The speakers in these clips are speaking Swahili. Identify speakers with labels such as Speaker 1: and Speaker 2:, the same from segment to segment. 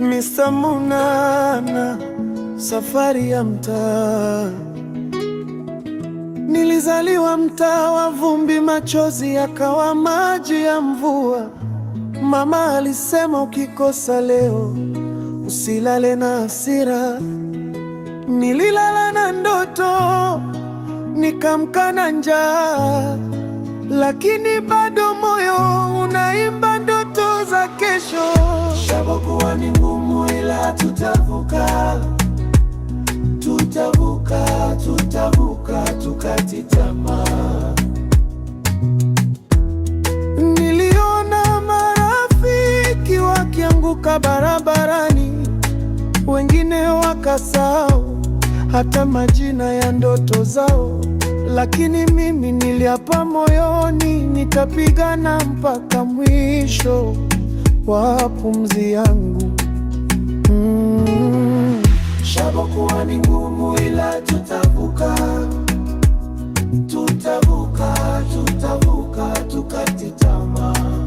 Speaker 1: Munana, safari ya mtaa. Nilizaliwa mtaa wa vumbi, machozi yakawa maji ya mvua. Mama alisema ukikosa leo usilale na hasira. Nililala na ndoto, nikamka na njaa, lakini bado moyo unaimba ndoto za kesho.
Speaker 2: Japokuwa ni ngumu, ila tutavuka, tutavuka, tutavuka tukati tamaa.
Speaker 1: Niliona marafiki wakianguka barabarani, wengine wakasahau hata majina ya ndoto zao, lakini mimi niliapa moyoni, nitapigana mpaka mwisho wa pumzi yangu mm.
Speaker 2: kuwa ni ngumu, ila tutavuka, tutavuka, tutavuka tukati tamaa.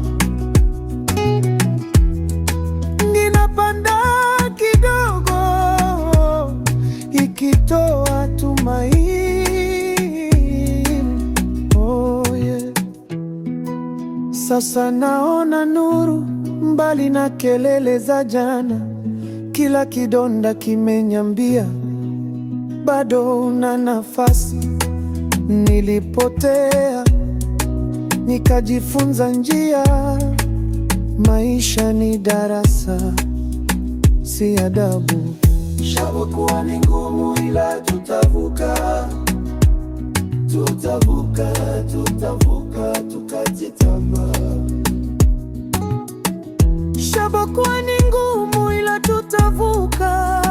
Speaker 1: Ninapanda kidogo, ikitoa tumaini Sasa naona nuru mbali na kelele za jana. Kila kidonda kimenyambia bado una nafasi. Nilipotea nikajifunza njia. Maisha ni darasa, si adabu.
Speaker 2: Shabokuwa ni ngumu, ila tutavuka, tutavuka, tutavuka tukajitamba
Speaker 1: Japokuwa ni ngumu, ila tutavuka,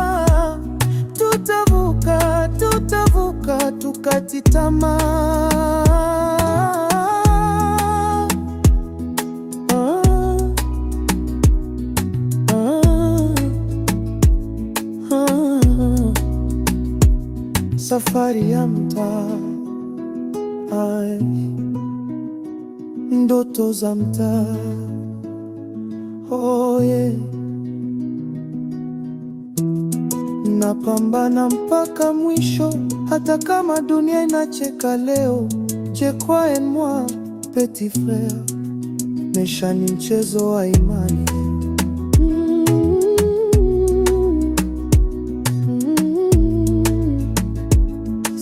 Speaker 1: tutavuka, tutavuka tukati tamaa. Ah, ah, ah. Safari ya mtaa, ndoto za mtaa oh yeah. Napambana mpaka mwisho, hata kama dunia inacheka leo. Je, crois en moi petit frère, mesha ni mchezo wa imani.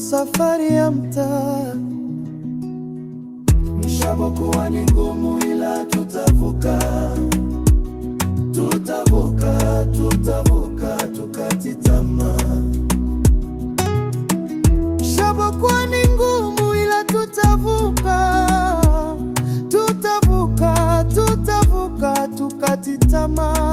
Speaker 1: Safari ya mtaa
Speaker 2: mishabokuwa ni ngumu, ila tutavuka tutavuka tukati tamaa.
Speaker 1: Shabokuwa ni ngumu, ila tutavuka, tutavuka, tutavuka tukati tamaa.